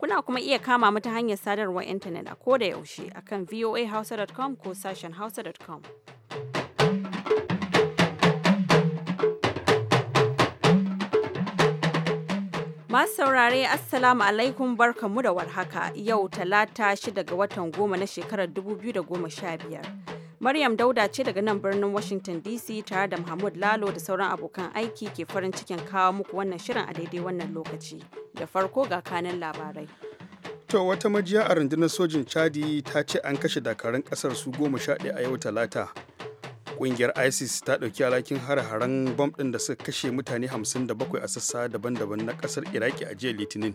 Kuna kuma iya kama mu ta hanyar sadarwar intanet a ko da yaushe akan voahausa.com ko sashen hausa.com. Masu saurare Assalamu alaikum barkanmu da warhaka yau talata shida ga watan goma na shekarar 2015. Maryam Dauda ce daga nan birnin Washington DC tare da Mahmud Lalo da sauran abokan aiki ke farin cikin kawo muku wannan shirin a daidai wannan lokaci. Da farko ga kanan labarai. To wata majiya a rundunar sojin Chadi ta ce an kashe dakarun kasar su goma sha ɗaya a yau talata. Ƙungiyar ISIS ta ɗauki alhakin hare-haren bom ɗin da suka kashe mutane 57 a sassa daban-daban na ƙasar Iraki a jiya Litinin.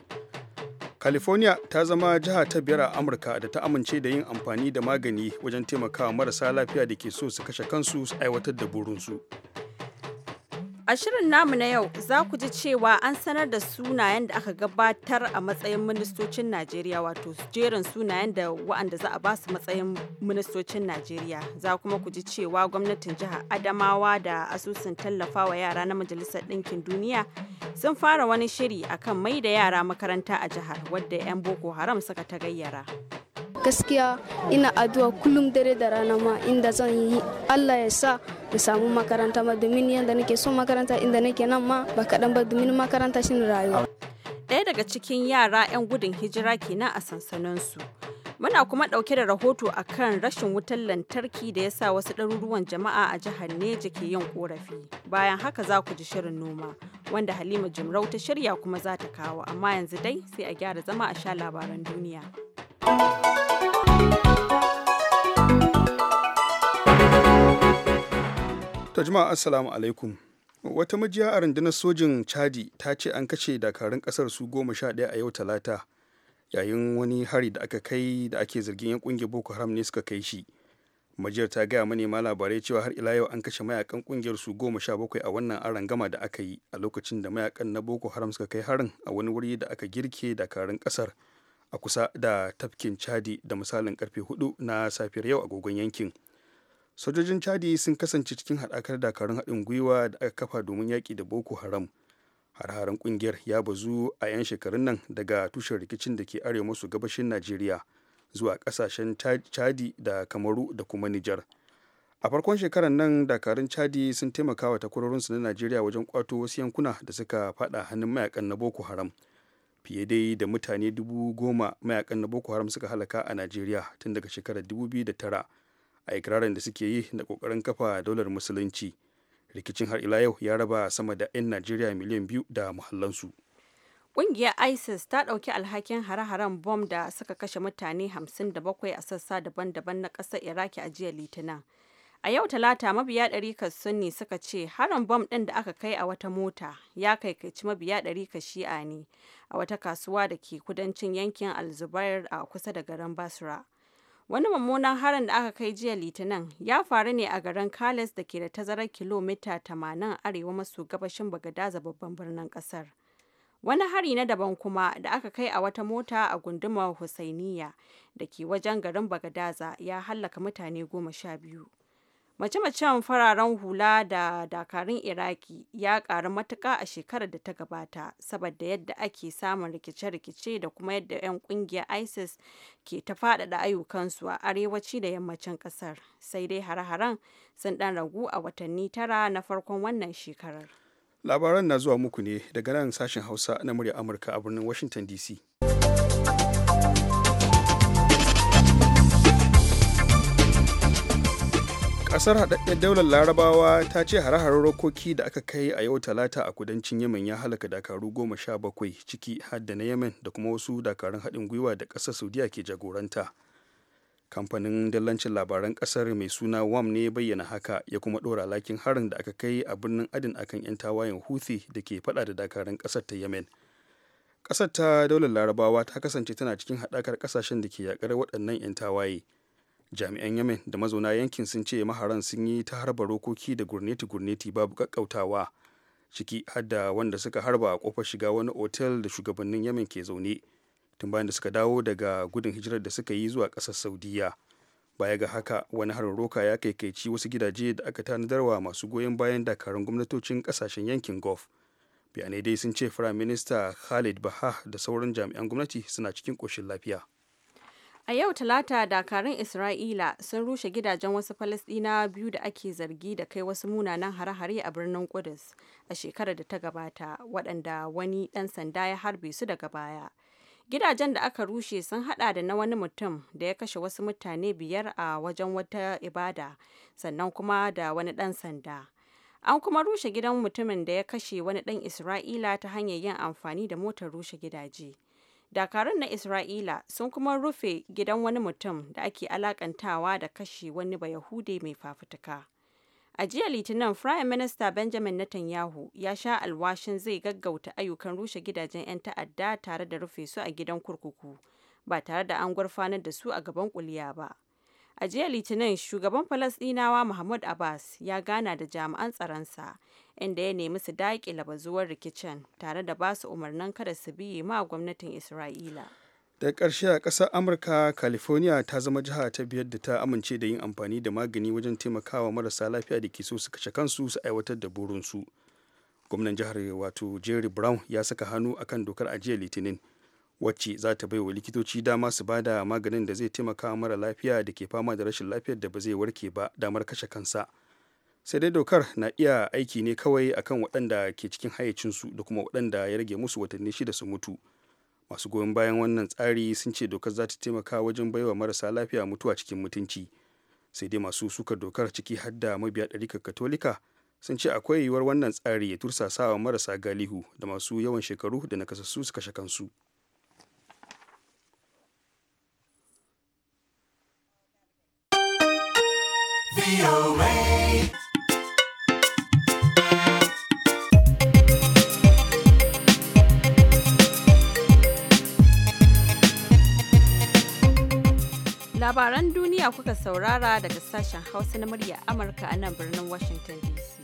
california ta zama jiha ta biyar a amurka da ta amince da yin amfani da magani wajen taimakawa marasa lafiya da ke so su kashe kansu su aiwatar da burinsu. su A shirin namu na yau za ku ji cewa an sanar da sunayen da aka gabatar a matsayin ministocin Najeriya wato jerin sunayen da wa'anda za a ba su matsayin ministocin Najeriya. Za kuma ku ji cewa gwamnatin jihar Adamawa da asusun tallafawa yara na Majalisar Ɗinkin Duniya sun fara wani shiri akan mai da yara makaranta a jihar wadda 'yan Boko Haram suka ta gayyara. gaskiya ina addu'a kullum dare da rana ma inda zan yi Allah ya sa in samu makaranta ma domin yadda nake so makaranta inda nake nan ma ba kaɗan ba domin makaranta shi rayuwa. Ɗaya daga cikin yara 'yan gudun hijira kenan a sansaninsu. Muna kuma ɗauke da rahoto a kan rashin wutar lantarki da ya sa wasu ɗaruruwan jama'a a jihar Neja ke yin ƙorafi. Bayan haka za ku ji shirin noma, wanda Halima Jimrau ta shirya kuma za ta kawo, amma yanzu dai sai a gyara zama a sha labaran duniya. To jama'a assalamu alaikum. Wata majiya a rundunar sojin Chadi ta ce an kashe dakarun kasar su goma sha ɗaya a yau talata yayin wani hari da aka kai da ake zargin yan kungiyar Boko Haram ne suka kai shi. Majiyar ta gaya manema labarai cewa har ila yau an kashe mayakan kungiyar su goma sha bakwai a wannan aron gama da aka yi a lokacin da mayakan na Boko Haram suka kai harin a wani wuri da aka girke dakarun kasar a kusa da tafkin Chadi da misalin karfe hudu na safiyar yau agogon yankin. sojojin chadi sun kasance cikin haɗakar dakarun haɗin gwiwa da aka kafa domin yaƙi da boko haram har-haren ƙungiyar ya bazu a 'yan shekarun nan daga tushen rikicin da ke arewa masu gabashin najeriya zuwa ƙasashen chadi da kamaru da kuma nijar a farkon shekarar nan dakarun chadi sun taimaka wa takwarorinsu na najeriya wajen kwato wasu yankuna da suka fada hannun mayakan na boko haram fiye dai da mutane dubu goma mayakan na boko haram suka halaka a najeriya tun daga shekarar 2009 a ikirarin da suke yi da kokarin kafa daular musulunci rikicin har ila yau ya raba sama da 'yan najeriya miliyan biyu da muhallansu Ƙungiyar ISIS ta ɗauki alhakin hare-haren bom da suka kashe mutane 57 a sassa daban-daban na ƙasar Iraki a jiya Litinin. A yau Talata mabiya ka Sunni suka ce harin bom ɗin da aka kai a wata mota ya kai kaici mabiya ɗari ka Shi'a ne a wata kasuwa da ke kudancin yankin Alzubair a kusa da garin Basra. Wani mummunan harin da aka kai jiya Litinin ya faru ne a garin Kales da ke da tazarar kilomita 80 arewa maso gabashin Bagadaza babban birnin kasar. Wani hari na daban kuma da aka kai a wata mota a gundumar Husainiya da ke wajen garin Bagadaza ya hallaka mutane goma sha biyu. Mace-macen fararen hula da dakarun Iraki ya karu matuka a shekarar da ta gabata saboda yadda ake samun rikice-rikice da kuma yadda 'yan ƙungiyar ISIS ke ta faɗaɗa ayyukansu a arewaci da yammacin ƙasar, sai dai har haren sun ɗan ragu a watanni tara na farkon wannan shekarar. Labaran na zuwa muku ne daga nan sashen Hausa na murya Amurka a birnin Washington DC. kasar haɗaɗɗen daular larabawa ta ce hare-haren rokoki da aka kai a yau talata a kudancin yemen ya halaka dakaru goma sha bakwai ciki hadda na yemen da kuma wasu dakarun haɗin gwiwa da ƙasar saudiya ke jagoranta kamfanin dallancin labaran ƙasar mai suna wam ne bayyana haka ya kuma ɗora lakin harin da aka kai a birnin adin akan 'yan tawayen houthi da ke faɗa da dakarun ƙasar ta yemen ƙasar ta daular larabawa ta kasance tana cikin haɗakar ƙasashen da ke yaƙar waɗannan 'yan tawaye jami'an yamen da mazauna yankin sun ce maharan sun yi ta harba rokoki da gurneti-gurneti babu kakkautawa ciki har wanda suka harba a kofar shiga wani otel da shugabannin yamen ke zaune tun bayan da suka dawo daga gudun hijirar da suka yi zuwa ƙasar saudiya baya ga haka wani harin roka ya kaikaici wasu gidaje da aka tanadarwa masu goyon bayan dakarun gwamnatocin ƙasashen yankin gulf bayanai dai sun ce firayim minista khalid baha da sauran jami'an gwamnati suna cikin ƙoshin lafiya A yau Talata dakarun Isra'ila sun rushe gidajen wasu Falasɗina biyu da ake zargi da kai wasu munanan hare-hare a birnin Kudus a shekarar da ta gabata, waɗanda wani ɗan sanda ya harbe su daga baya. Gidajen da aka rushe sun haɗa da na wani mutum da ya kashe wasu mutane biyar a wajen wata ibada, sannan kuma da wani ɗan sanda. An kuma rushe gidan mutumin da ya kashe wani ɗan Isra'ila ta hanyar yin amfani da motar rushe gidaje. dakarun na isra'ila sun kuma rufe gidan wani mutum da ake alakantawa da kashe wani bayahude mai fafutuka a jiya litinin prime minister benjamin netanyahu ya sha alwashin zai gaggauta ayyukan rushe gidajen 'yan ta'adda tare da rufe su a gidan kurkuku ba tare da an gurfanar da su a gaban kuliya ba A jiya Litinin, shugaban Falasɗinawa Mahmud Abbas ya gana da jami'an tsaronsa, inda ya nemi su daƙi bazuwar rikicin tare da ba su umarnin kada su biye ma gwamnatin Isra'ila. Da ƙarshe a ƙasar Amurka, California ta zama jiha ta biyar da ta amince da yin amfani da magani wajen taimakawa marasa lafiya da ke so su kashe kansu su aiwatar da burinsu. Gwamnan jihar wato Jerry Brown ya saka hannu akan dokar a jiya Litinin. wacce za ta baiwa likitoci dama su bada maganin da zai taimaka mara lafiya da ke fama da rashin lafiyar da ba zai warke ba damar kashe kansa sai dai dokar na iya aiki ne kawai akan waɗanda ke cikin hayyacinsu da kuma waɗanda ya rage musu watanni shida su mutu masu goyon bayan wannan tsari sun ce dokar za ta taimaka wajen baiwa marasa lafiya mutuwa cikin mutunci sai dai masu suka dokar ciki har da mabiya ɗarikar katolika sun ce akwai yiwuwar wannan tsari ya tursasawa marasa galihu da masu yawan shekaru da nakasassu su kashe kansu Labaran duniya kuka saurara daga sashen Hausa na murya Amurka a nan birnin Washington DC.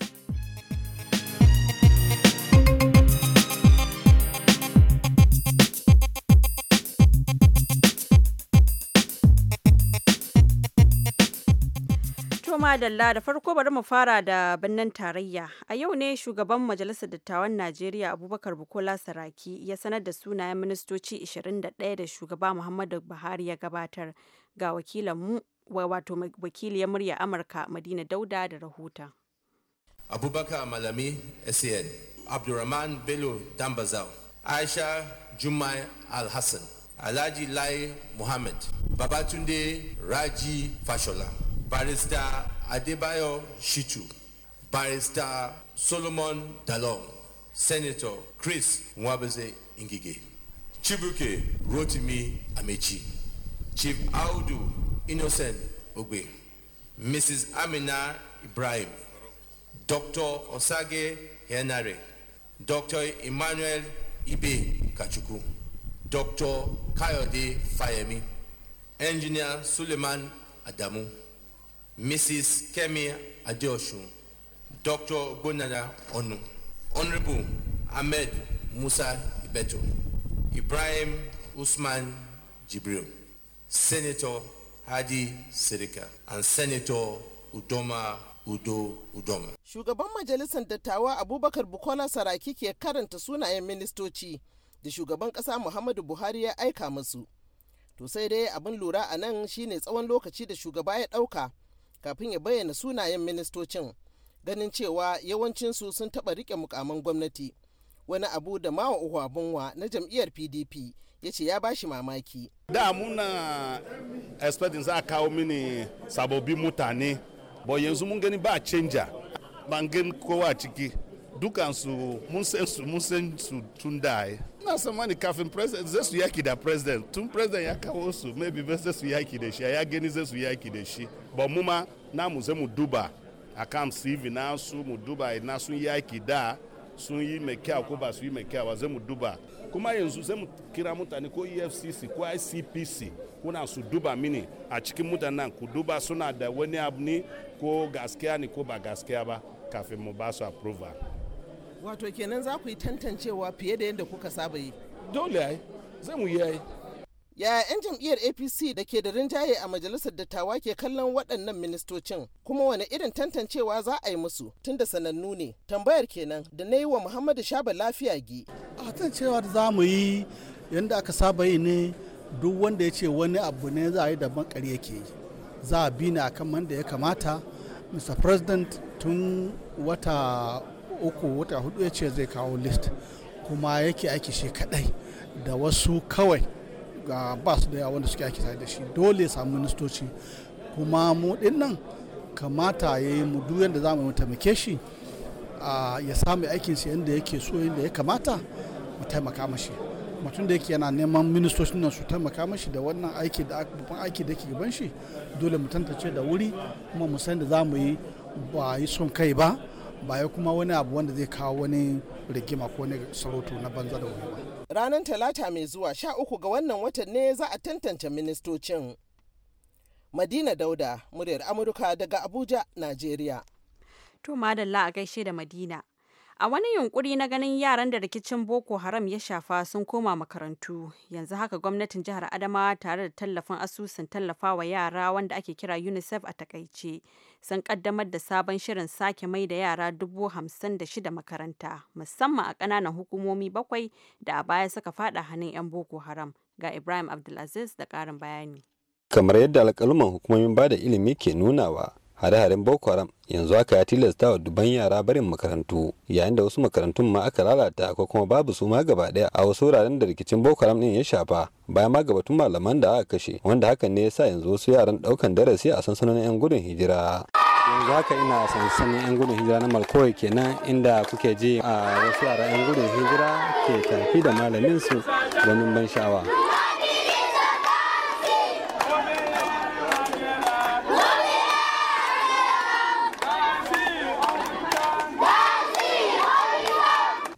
dalla da farko bari mu fara da birnin tarayya. A yau ne shugaban Majalisar Dattawan Najeriya Abubakar Bukola Saraki ya sanar da sunayen ministoci 21 da shugaba Muhammadu Buhari ya gabatar ga wakilanmu wato wakiliyar murya Amurka Madina Dauda da rahota. Abubakar Malami SAN, Abdurrahman Bello Dambazau, Aisha Jumai alhassan Alhaji Lai Muhammad, Babatunde Raji Fashola. Barrister Adebayo Shitu, Barrister Solomon Dalong, Senator Chris Nwabeze Ingige, Chibuke Rotimi Amechi, Chief Audu Innocent Ogbe, Mrs. Amina Ibrahim, Dr. Osage Henare, Dr. Emmanuel Ibe Kachuku, Dr. Kayode Fayemi, Engineer Suleiman Adamu. Mrs. Kemi Adeosu, Dr. Gonada Onu, Honorable Ahmed Musa Ibeto, Ibrahim Usman Jibril, Senator Hadi Sirika, and Senator Udoma Udo Udoma. Shugaban Majalisar Dattawa Abubakar Bukola Saraki ke karanta sunayen ministoci da shugaban ƙasa Muhammadu Buhari ya aika masu To sai dai abin lura a nan shine tsawon lokaci da shugaba ya ɗauka kafin ya bayyana sunayen ministocin ganin cewa yawancinsu sun taɓa riƙe mukaman gwamnati wani abu da mawa uhuwa na jam'iyyar pdp ya ce ya bashi mamaki da muna expertin za a kawo mini sababbin mutane ba yanzu mun gani ba canja ban gani kowa ciki dukansu mun san su mun san su tun da na samani kafin president zai su yaki da president tun president ya kawo su maybe ba zai su yaki da shi ya gani zai su yaki da shi ba mu ma mu zai mu duba akan cv su mu duba na sun yaki da sun yi mai kyau ko ba su yi mai kyau ba zai mu duba kuma yanzu zai mu kira mutane ko efcc ko icpc kuna su duba mini a cikin nan ku duba suna da wani abu ni ko gaskiya ne ko ba gaskiya ba kafin mu ba su approval wato kenan za ku yi tantancewa fiye da yadda kuka saba yi dole ai zai mu yi ya 'yan jam'iyyar apc da ke da rinjaye a majalisar dattawa ke kallon waɗannan ministocin kuma wani irin tantancewa za a yi musu tun da sanannu ne tambayar kenan da na yi wa muhammadu shaba lafiya gi a tantancewa da za mu yi yadda aka saba yi ne duk wanda ya ce wani abu ne za a yi daban ƙari yake yi za a bi ne akan man da ya kamata mr president tun wata uku wata hudu ya ce zai kawo list kuma yake aiki shi kadai da wasu kawai ga ba su daya wanda suke aiki tare da shi dole samu ministoci kuma mu nan kamata ya yi mu duk yadda za mu taimake shi ya samu aikin shi yadda yake so yadda ya kamata mu taimaka mashi mutum da yake yana neman ministocin nan su taimaka mashi da wannan aiki da babban aiki da ke gaban shi dole mu tantance da wuri kuma mu san da za mu yi ba yi son kai ba ba ya kuma wani abu wanda zai kawo wani rigima ko wani sarauto na banza da wani ba. Ranar Talata mai zuwa sha uku ga wannan watan ne za a tantance ministocin. Madina Dauda, muryar Amurka daga Abuja, Najeriya. To madalla a gaishe da Madina. A wani yunkuri na ganin yaran da rikicin Boko Haram ya shafa sun koma makarantu. Yanzu haka gwamnatin jihar adama tare da tallafin asusun tallafa wa yara wanda ake kira UNICEF a takaice sun kaddamar da sabon shirin sake mai da yara dubu hamsin da shida makaranta musamman a ƙananan hukumomi bakwai da a baya suka fada hannun 'yan Boko Haram. Ga Ibrahim Abdulaziz da ƙarin bayani. Kamar yadda alƙaluman hukumomin bada ilimi ke nunawa, hare-haren boko haram yanzu haka ya tilasta wa duban yara barin makarantu yayin da wasu makarantun ma aka lalata ko kuma babu su ma gaba daya a wasu wuraren da rikicin boko haram din ya shafa bayan ma gabatun malaman da aka kashe wanda hakan ne yasa yanzu wasu yaran daukan darasi a sansanonin yan gudun hijira yanzu haka ina sansanin yan gudun hijira na malkoyi kenan inda kuke ji a wasu yara yan gudun hijira ke tafi da malamin su ganin ban sha'awa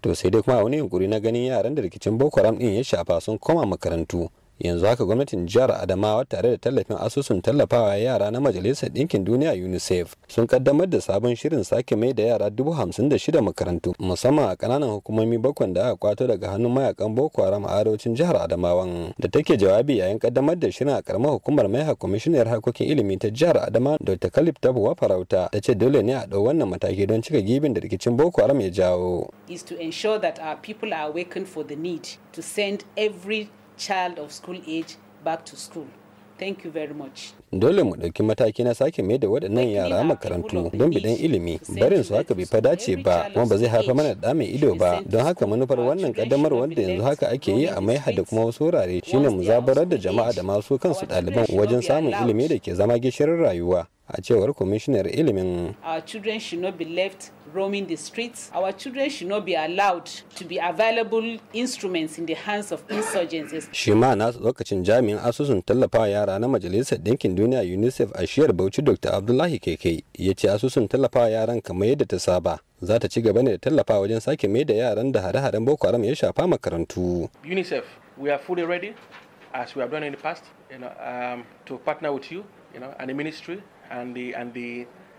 to sai dai kuma wani yunkuri na ganin yaran da rikicin boko haram din ya shafa sun koma makarantu yanzu haka gwamnatin jihar adamawa tare da tallafin asusun tallafawa yara na majalisar ɗinkin duniya unicef sun kaddamar da sabon shirin sake mai da yara dubu hamsin da shida makarantu musamman a ƙananan hukumomi bakwai da aka kwato daga hannun mayakan boko haram a arewacin jihar adamawan da take jawabi yayin kaddamar da shirin a karamar hukumar maiha kwamishinar harkokin ilimi ta jihar adama dr kalif tabuwa farauta ta ce dole ne a ɗau wannan mataki don cika gibin da rikicin boko haram ya jawo is to ensure that our people are awakened for the need to send every child of school age back to school. Thank you very much. Dole mu ɗauki mataki na sake mai da waɗannan yara makarantu don bidan ilimi barin su haka bai fa dace ba kuma ba zai haifa mana da mai ido ba don haka manufar wannan kaddamar wanda yanzu haka ake yi a maiha da kuma wasu wurare shine mu zabarar da jama'a da masu kansu ɗaliban wajen samun ilimi da ke zama gishirin rayuwa a cewar kwamishinar ilimin our children should not be left roaming the streets our children should not be allowed to be available instruments in the hands of insurgents shi ma na lokacin jami'in asusun tallafa yara na majalisar dinkin duniya unicef a shiyar bauchi dr abdullahi keke ya ce asusun tallafa yaran kamar yadda ta saba za ta ci gaba ne da tallafa wajen sake mai da yaran da hare-haren boko haram ya shafa makarantu unicef we are fully ready as we have done in the past you know, um, to partner with you you know, and the ministry and the and the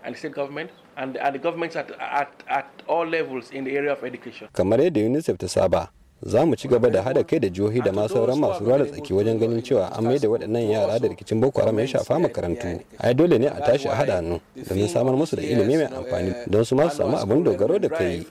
and the state government and, and the governments at, at, at all levels in the area of education. Kamar yadda UNICEF ta saba, za mu ci gaba da hada kai da jihohi da ma sauran masu ruwa da tsaki wajen ganin cewa an mai da waɗannan yara da rikicin boko haram ya shafa makarantu ai dole ne a tashi a hada hannu domin samar musu da ilimi mai amfani don su ma su samu abin dogaro da kai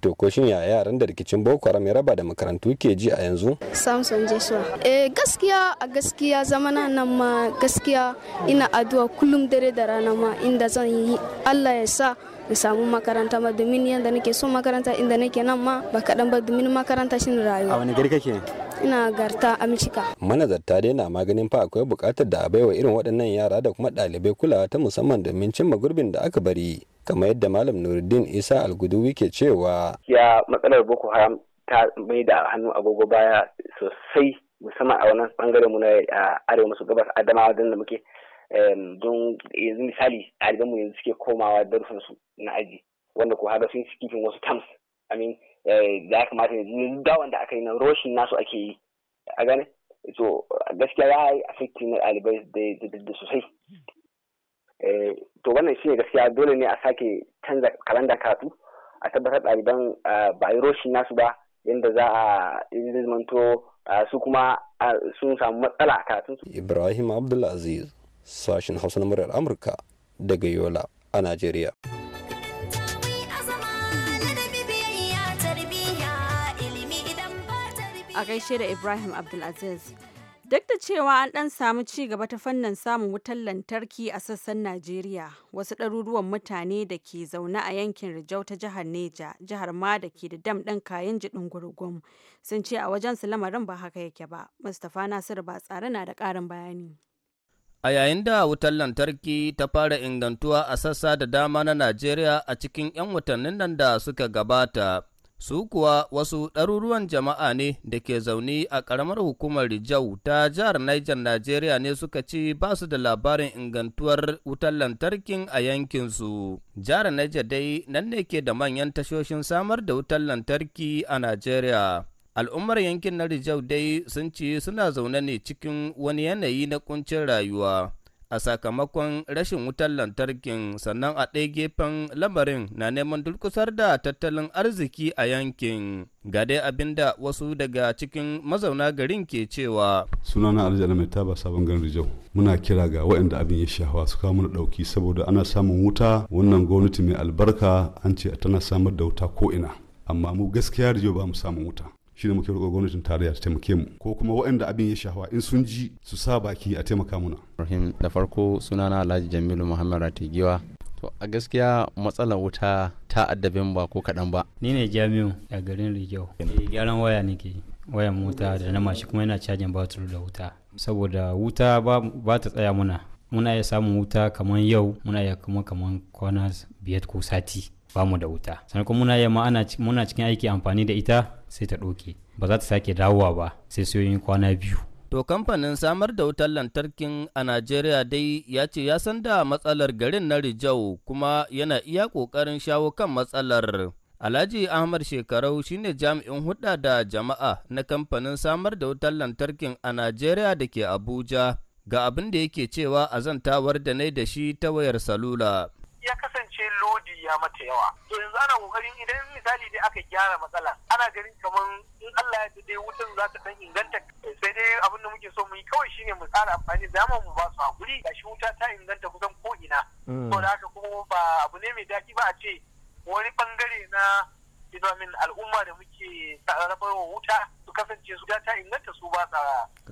to ko shin ya yaran da rikicin boko haram ya raba da makarantu ke ji a yanzu samson joshua eh gaskiya a gaskiya zamana nan ma gaskiya ina addu'a kullum dare da rana ma inda zan yi allah ya sa in samu makaranta ma domin yadda nake so makaranta inda nake nan ma ba kaɗan ba domin makaranta shi rayuwa a wani gari kake ina garta amcika manazarta dai na maganin fa akwai buƙatar da a wa irin waɗannan yara da kuma ɗalibai kulawa ta musamman domin cimma gurbin da aka bari kamar yadda malam nuruddin isa Algudu ke cewa ya matsalar boko haram ta mai da hannu agogo baya sosai musamman a wannan bangaren mu na arewa maso gabas adamawa da muke don yanzu misali ɗaliban mu yanzu suke komawa darussan su na aji wanda ko haga sun cikin wasu tams, I mean eh, ya kamata yanzu da wanda aka yi na roshin nasu ake yi a gane to gaskiya ya yi affecting na ɗalibai da sosai eh, to wannan shi gaskiya dole ne a sake canza kalanda karatu a tabbatar ɗaliban eh, ba yi roshin nasu ba yadda za a zamanto su kuma sun samu matsala a karatun su. Ibrahim Abdulaziz sashen hausa na muryar amurka daga yola a najeriya a gaishe da ibrahim abdulaziz duk da cewa an dan samu ci gaba ta fannin samun wutar lantarki a sassan najeriya wasu ɗaruruwan mutane da ke zaune a yankin rijau ta jihar neja jihar ma da ke da dam ɗin kayan jiɗin gurgum sun ce a wajen su lamarin ba haka yake ba mustapha nasiru ba tsare na da ƙarin bayani A yayin da wutar lantarki ta fara ingantuwa a sassa da dama na Najeriya a cikin 'yan watannin nan da suka gabata, su kuwa wasu ɗaruruwan jama'a ne da ke zaune a ƙaramar hukumar Rijau ta jihar Niger Najeriya ne suka ci ba su da labarin ingantuwar wutar lantarkin a yankinsu. Jihar Niger dai nan ne ke da manyan tashoshin samar da wutar lantarki a Najeriya. Al'ummar yankin na Rijau dai sun ce suna zaune ne cikin wani yanayi na kuncin rayuwa a sakamakon rashin wutar lantarkin sannan a ɗaya gefen lamarin na neman dulkusar da tattalin arziki a yankin. Ga dai abin da wasu daga cikin mazauna garin ke cewa. Sunana arziki mai taba sabon garin Rijau. Muna kira ga waɗanda abin ya shahawa su kawo mana ɗauki saboda ana samun wuta wannan gwamnati mai albarka an ce tana samar da wuta ko ina. Amma mu gaskiya Rijau ba mu samun wuta. shine muke roƙo gwamnatin tarayya ta taimake mu ko kuma waɗanda abin ya shahawa in sun ji su sa baki a taimaka muna rahim da farko sunana alhaji jamilu muhammad ratigiwa to a gaskiya matsalar wuta ta addabin ba ko kaɗan ba ni ne jamiu a garin e gyaran waya nake wayan mota da na mashi kuma yana cajin batur da wuta saboda wuta ba ta tsaya muna muna iya samun wuta kamar yau muna iya kuma kamar kwana biyar ko sati ba mu da wuta sannan kuma muna iya ma muna cikin aiki amfani da ita sai ta ɗoke ba za ta sake dawowa ba sai soyoyin kwana biyu To kamfanin samar da wutar lantarkin a Najeriya dai ya ce ya san da matsalar garin na Rijau kuma yana iya ƙoƙarin shawo kan matsalar. Alhaji Ahmad Shekarau shine jami'in hudda da jama'a na kamfanin samar da wutar lantarkin a Najeriya da ke Abuja. ga abin da yake cewa a zan zantawar da nai da shi ta wayar salula. Ya kasance lodi ya mata yawa. To yanzu ana kokarin idan misali dai aka gyara matsala ana ganin kamar in Allah ya dai wutan za ta dan inganta sai dai abin da muke so mu yi kawai shine mu tsara amfani da mu ba su hakuri gashi wuta ta inganta kusan ko ina. To mm. da haka kuma ba abu ne mai daɗi ba a ce wani bangare na domin al'umma da muke sarrafa wuta kasance su ta inganta su ba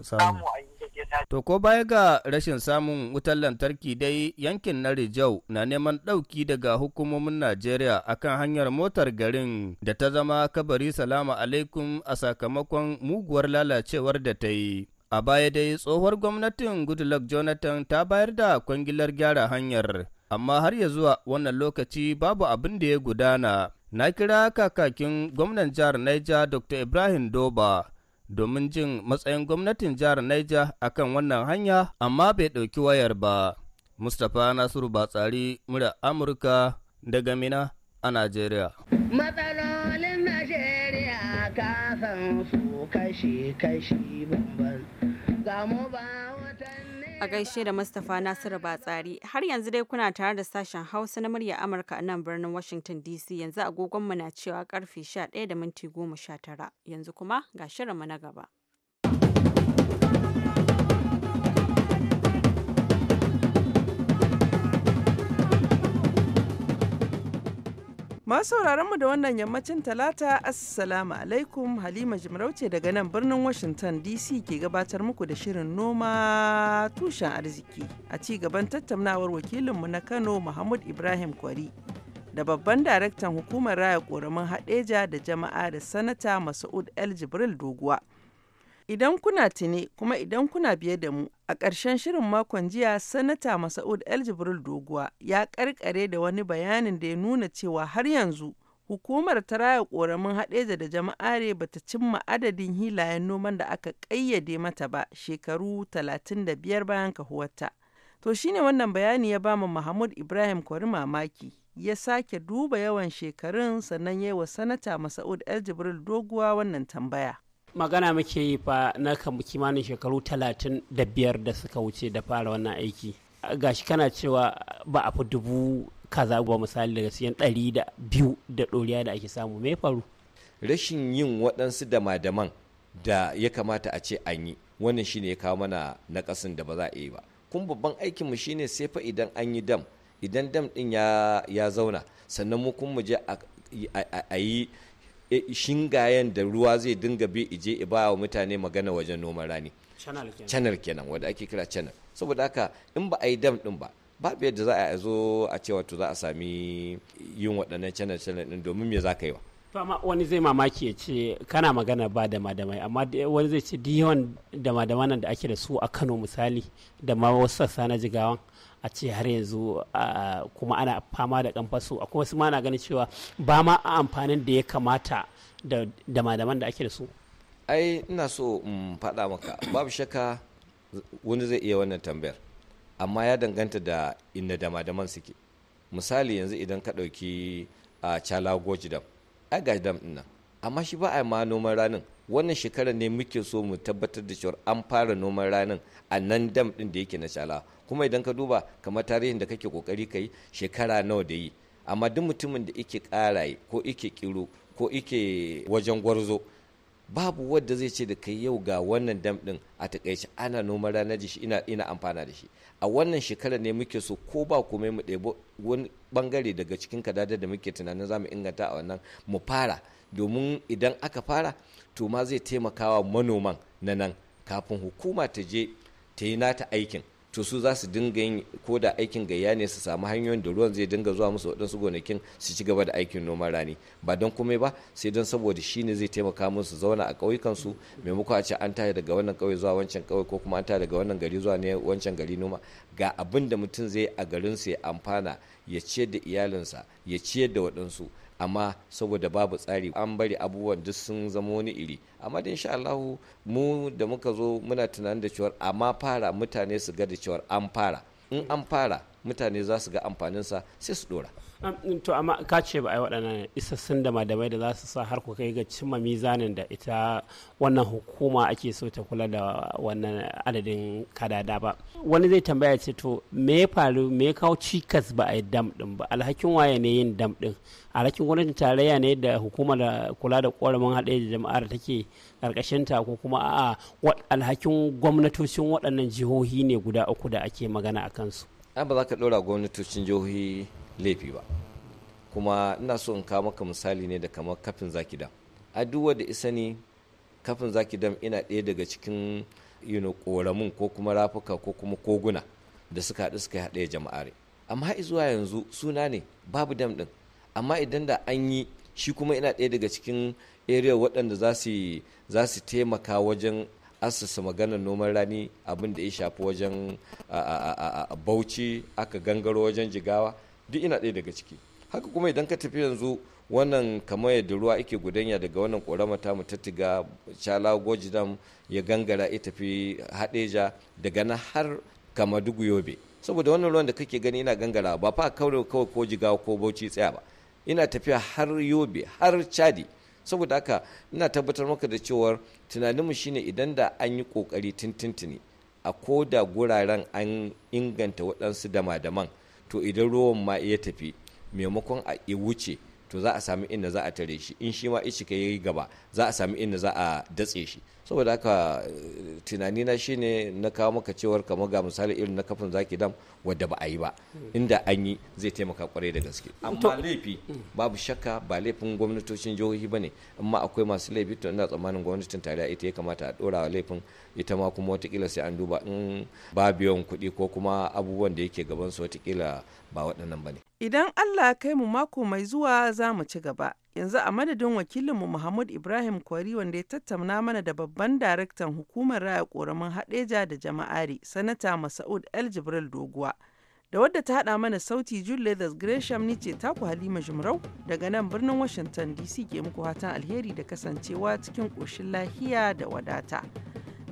sa samu a To ko baya ga rashin samun wutar lantarki dai yankin na Rijau na neman ɗauki daga hukumomin Najeriya akan hanyar motar garin da ta zama kabari salama alaikum a sakamakon muguwar lalacewar da ta yi. A baya dai tsohuwar gwamnatin Goodluck Jonathan ta bayar da kwangilar gyara hanyar, amma har ya zuwa wannan lokaci babu abin da ya gudana. na kira kakakin gwamnan jihar Niger Dr. Ibrahim Doba domin jin matsayin gwamnatin jihar Niger akan wannan hanya amma bai ɗauki wayar ba. Mustapha Nasiru Batsari mura Amurka daga Mina a Najeriya. Matsalolin Najeriya kafin su kashi-kashi bambam. ba a gaishe da Mustapha Nasiru Batsari. Har yanzu dai kuna tare da sashen Hausa na murya Amurka a nan birnin Washington DC yanzu agogonmu na cewa karfe 11 da minti 19. Yanzu kuma ga shirinmu na gaba. Masu mu da wannan yammacin talata assalamu alaikum Halima Jimarauce daga nan birnin Washington DC ke gabatar muku da shirin noma tushen arziki a ci gaban tattaunawar wakilinmu na Kano Muhammad Ibrahim Kwari da babban daraktan hukumar raya ƙoramin haɗeja da jama'a da sanata Masu'ud El Jibril Doguwa. Idan kuna tuni kuma idan kuna biye da mu, a ƙarshen shirin makon jiya Sanata Masa'ud El-Jibril Doguwa ya ƙarƙare da wani bayanin da ya nuna cewa har yanzu hukumar ta raya ƙoramin haɗeja da jama'are ta cimma adadin hilayen noman da aka ƙayyade mata ba shekaru 35 bayan kahuwarta. To shine wannan bayani ya bamu Mahmud Ibrahim Kwari mamaki. Ya sake duba yawan shekarun sannan ya yi wa Sanata Masa'ud El-Jibril Doguwa wannan tambaya. magana muke yi fa na kamu kimanin shekaru talatin da biyar da suka wuce da fara wannan aiki gashi kana cewa ba a fi dubu kaza ba misali daga siyan ɗari da biyu da ɗoriya da ake samu me faru rashin yin waɗansu dama-daman da ya kamata a ce an yi wannan shine ya kawo mana nakasin da ba za a yi ba kun babban aikinmu shine sai fa idan an yi dam idan dam ɗin ya zauna sannan mu kun mu je a yi E, shingayen da ruwa zai dinga bi ije i ba wa mutane magana wajen noman rani channel kenan wanda ake kira channel saboda haka in ba a yi dam din ba babu yadda za a zo a cewa to za a sami yin waɗannan channel channel din domin me za ka yi wa to amma wani zai mamaki ya ce kana magana ba da madamai amma wani zai ce yawan da madaman nan da ake da su a Kano misali da ma wasu sassa na jigawan a ce har yanzu kuma ana fama da kamfaso akwai wasu ma na ganin cewa ba ma a amfanin da ya kamata da dama da ake da su ai ina so in faɗa maka babu shakka wani zai iya wannan tambayar amma ya danganta da inda damadaman madaman suke misali yanzu idan ka ɗauki a chalago dam ai ga dam ɗin nan amma shi ba a ma noman ranin wannan shekarar ne muke so mu tabbatar da cewar an fara noman ranar a nan dam din da yake na shala kuma idan ka duba kamar tarihin da kake kokari kai shekara nawa da yi amma duk mutumin da yake karaye ko ike kiro ko ike wajen gwarzo babu wadda zai ce da kai yau ga wannan dam din a takaice ana noman ranar da shi ina ina amfana da shi a wannan shekarar ne muke so ko ba komai mu ɗebo wani bangare daga cikin kadadar da muke tunanin zamu inganta a wannan mu fara domin idan aka fara to ma zai taimakawa manoman na nan kafin hukuma ta je ta yi nata aikin to su za su dinga yin ko da aikin gayya ne su samu hanyoyin da ruwan zai dinga zuwa musu waɗansu gonakin su ci gaba da aikin noman rani ba don komai ba sai don saboda shi ne zai taimaka musu su zauna a ƙauyukan su mai a ce an tare daga wannan ƙauye zuwa wancan ƙauye ko kuma an tare daga wannan gari zuwa ne wancan gari noma ga abin da mutum zai a garin su ya amfana ya ciyar da iyalinsa ya ciyar da waɗansu amma saboda babu tsari an bari abubuwan duk sun zama wani iri amma da insha Allah mu da muka zo muna tunanin da cewar amma fara mutane su ga da cewar an fara in an fara mutane za su ga amfaninsa sai su dora to amma ka ce ba ai waɗannan isassun da madamai da za su sa har ku kai ga cimma mizanin da ita wannan hukuma ake so ta kula da wannan adadin kadada ba wani zai tambaya ce to me ya faru me ya kawo cikas ba a yi dam din ba alhakin waye ne yin dam din alhakin gwamnatin tarayya ne da hukumar kula da ƙoramin haɗe da jama'ar take ta ko kuma a'a alhakin gwamnatocin waɗannan jihohi ne guda uku da ake magana a kansu. ba za ka ɗora gwamnatocin jihohi laifi ba kuma ina so in kawo maka misali ne da kamar kafin zaki dam a duwa da isa ni kafin zaki dam ina ɗaya daga cikin yino ƙoramin ko kuma rafuka ko kuma koguna da suka haɗu suka haɗe jama'are amma zuwa yanzu suna ne babu dam ɗin amma idan da an yi shi kuma ina ɗaya daga cikin area waɗanda za su taimaka wajen asusa maganar noman rani abin ya shafi wajen bauchi aka gangaro wajen jigawa duk ina ɗaya daga ciki haka kuma idan ka tafi yanzu wannan kamar yadda ruwa yake gudanya daga wannan korama ta mutattiga chala gojidam ya gangara ya tafi hadeja daga na har kamadugu yobe saboda wannan ruwan da kake gani ina gangara ba fa kawai kawai ko jiga ko bauchi tsaya ba ina tafiya har yobe har chadi saboda haka ina tabbatar maka da cewar tunaninmu shine idan da an yi kokari tintintini a koda guraren an inganta waɗansu dama-daman to idan ruwan ma ya tafi maimakon a wuce to za a sami inda za a tare shi in shi ma ya yi gaba za a sami inda za a datse shi saboda haka eh, tunani na shine na kawo maka cewar kamar ga misali irin na kafin zaki dam wadda ba a yi ba inda an yi zai taimaka kwarai da gaske amma laifi mm. babu shakka ba laifin gwamnatocin jihohi ne. amma akwai masu laifi to ina tsammanin gwamnatin tarayya ita ya kamata a dora laifin ita ma kuma watakila sai an duba in babu yawan kuɗi ko kuma abubuwan da yake gaban su watakila ba waɗannan bane Idan Allah ya kai mu mako mai zuwa za mu ci gaba. Yanzu a madadin wakilinmu Mahmud Ibrahim Kwari wanda ya tattauna mana da babban daraktan hukumar raya ƙoramin haɗeja da jama'ari, Sanata Masaud El Jibril Doguwa. Da wadda ta haɗa mana sauti da Gresham ni ce taku Halima Jumrau daga nan birnin Washington DC ke muku hatan alheri da kasancewa cikin ƙoshin lahiya da wadata.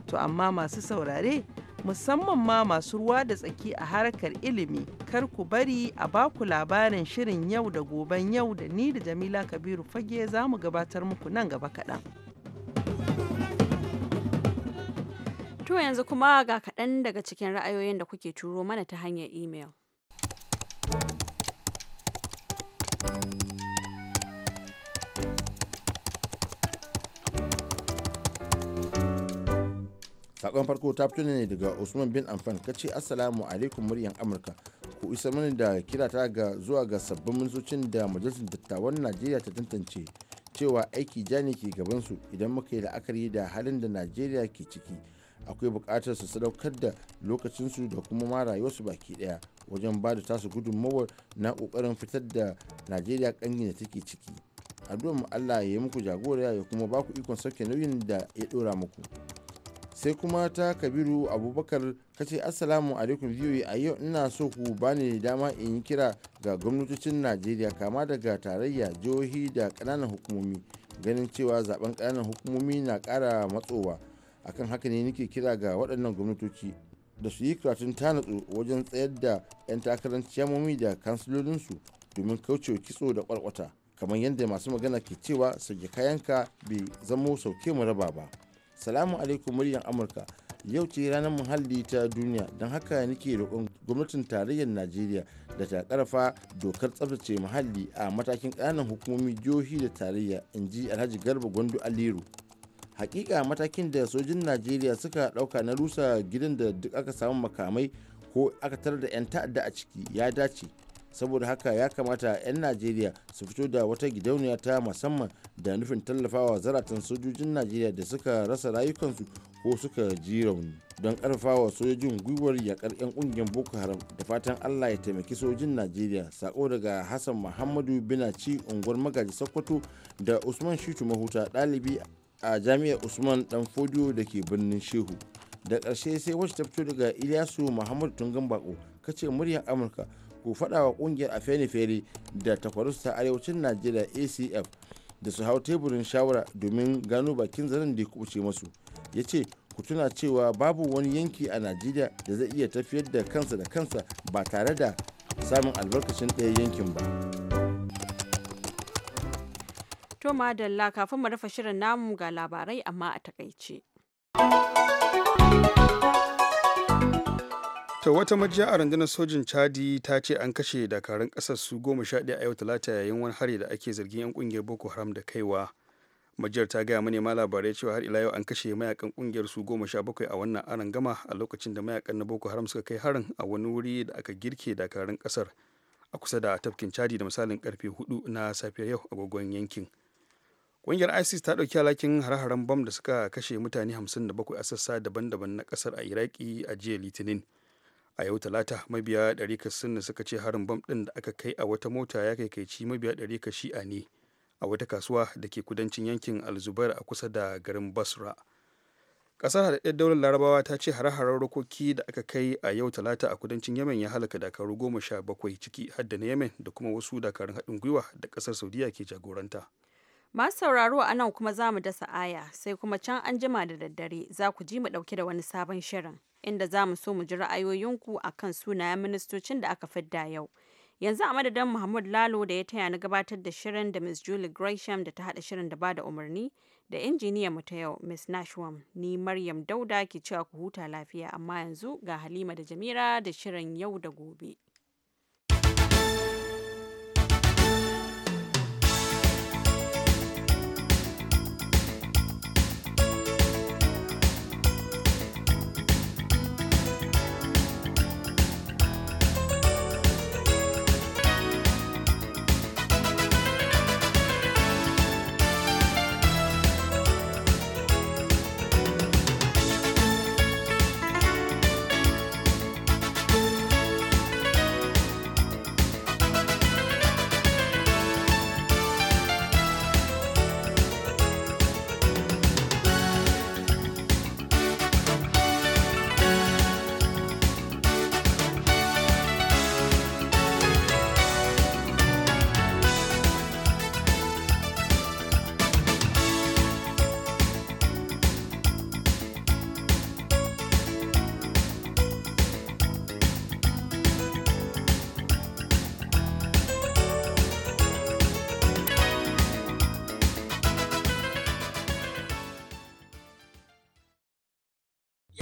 To amma masu saurare musamman ma masu ruwa da tsaki a harkar ilimi kar ku bari a baku labarin shirin yau da goben yau da ni da jamila kabiru fage za mu gabatar muku nan gaba kaɗan. To yanzu kuma ga kaɗan daga cikin ra'ayoyin da kuke turo mana ta hanyar imel. sakon farko ta fito ne daga usman bin amfan ka ce assalamu alaikum muryan amurka ku isa mini da kira ta ga zuwa ga sabbin ministocin da majalisar dattawan najeriya ta tantance cewa aiki ja ne ke gabansu idan muka yi la'akari da halin da najeriya ke ciki akwai bukatar su sadaukar da lokacinsu da kuma ma rayuwarsu baki ɗaya wajen ba da tasu gudunmawar na ƙoƙarin fitar da najeriya ƙangin da take ciki addu'ar mu allah ya yi muku jagora ya kuma baku ikon sauke nauyin da ya ɗora muku sai kuma ta kabiru abubakar kace assalamu alaikum biyu a yau ina so ku bani dama in yi kira ga gwamnatocin najeriya kama daga tarayya jihohi da kananan hukumomi ganin cewa zaben kananan hukumomi na ƙara matsowa akan haka ne nake kira ga waɗannan gwamnatoci da su yi karatun tanatsu wajen tsayar da 'yan takarar ciyamomi da kansilolinsu domin kaucewa kitso da kwarkwata kamar yadda masu magana ke cewa sauke kayanka bai zamo sauke mu raba ba. salamu alaikum muryar amurka yau ce ranar muhalli ta duniya don haka nake roƙon gwamnatin tarayyar najeriya da ta karfa dokar tsaftace muhalli a matakin ƙananan hukumomi jihohi da tarayya in ji alhaji garba gwandu aliru hakika matakin da sojin najeriya suka ɗauka na rusa gidan da duk aka samu makamai ko aka tarar da 'yan ta'adda a ciki ya dace saboda haka ya kamata 'yan najeriya su fito da wata gidauniya ta musamman da nufin tallafawa zaratan sojojin najeriya da suka rasa rayukansu ko suka ji rauni don karfafa sojojin gwiwar yakar 'yan kungiyar boko haram da fatan allah ya taimaki sojojin najeriya sako daga hassan muhammadu binaci unguwar magaji sokoto da usman shitu mahuta ɗalibi a jami'ar usman dan fodiyo da ke birnin shehu da ƙarshe sai wacce ta fito daga iliyasu muhammadu tungan bako kace muryar amurka ku faɗa wa ƙungiyar a fere da takwarus ta arewacin najeriya acf da su hau teburin shawara domin gano bakin zanen da ya kubuce masu ya ce ku tuna cewa babu wani yanki a najeriya da zai iya tafiyar da kansa da kansa ba tare da samun albarkacin ɗaya yankin ba to madalla kafin mu rufe shirin namu ga labarai amma a takaice to wata majiya a rundunar sojin chadi ta ce an kashe dakarun kasar su goma sha ɗaya a yau talata yayin wani hari da ake zargin 'yan kungiyar boko haram da kaiwa majiyar ta gaya manema labarai cewa har ila yau an kashe mayakan kungiyar su goma sha bakwai a wannan aran gama a lokacin da mayakan na boko haram suka kai harin a wani wuri da aka girke dakarun kasar a kusa da tafkin chadi da misalin karfe hudu na safiyar yau agogon yankin ƙungiyar isis ta ɗauki alhakin hare-haren bam da suka kashe mutane hamsin 57 a sassa daban-daban na kasar a iraki a jiya litinin a yau talata mabiya ɗari kasin suka ce harin bam ɗin da aka kai a wata mota ya ci mabiya ɗari ka shi'a ne a wata kasuwa da ke kudancin yankin alzubar a kusa da garin basra ƙasar haɗaɗɗen daular larabawa ta ce hare-haren rokoki da aka kai a yau talata a kudancin yemen ya halaka dakaru goma sha bakwai ciki hadda na yamen da kuma wasu dakarun haɗin gwiwa da ƙasar saudiya ke jagoranta Masu sauraro a nan kuma za mu dasa aya sai kuma can an jima da daddare za ku ji mu ɗauke da wani sabon shirin inda za mu so mu ji ra'ayoyinku a kan sunayen ministocin da aka fidda yau. Yanzu a madadin Muhammad Lalo da ya taya na gabatar da shirin da Miss Julie Gresham da ta haɗa shirin da ba da umarni da injiniyan mu ta yau Miss Nashwam ni Maryam Dauda ke cewa ku huta lafiya amma yanzu ga Halima da jamira da shirin yau da gobe.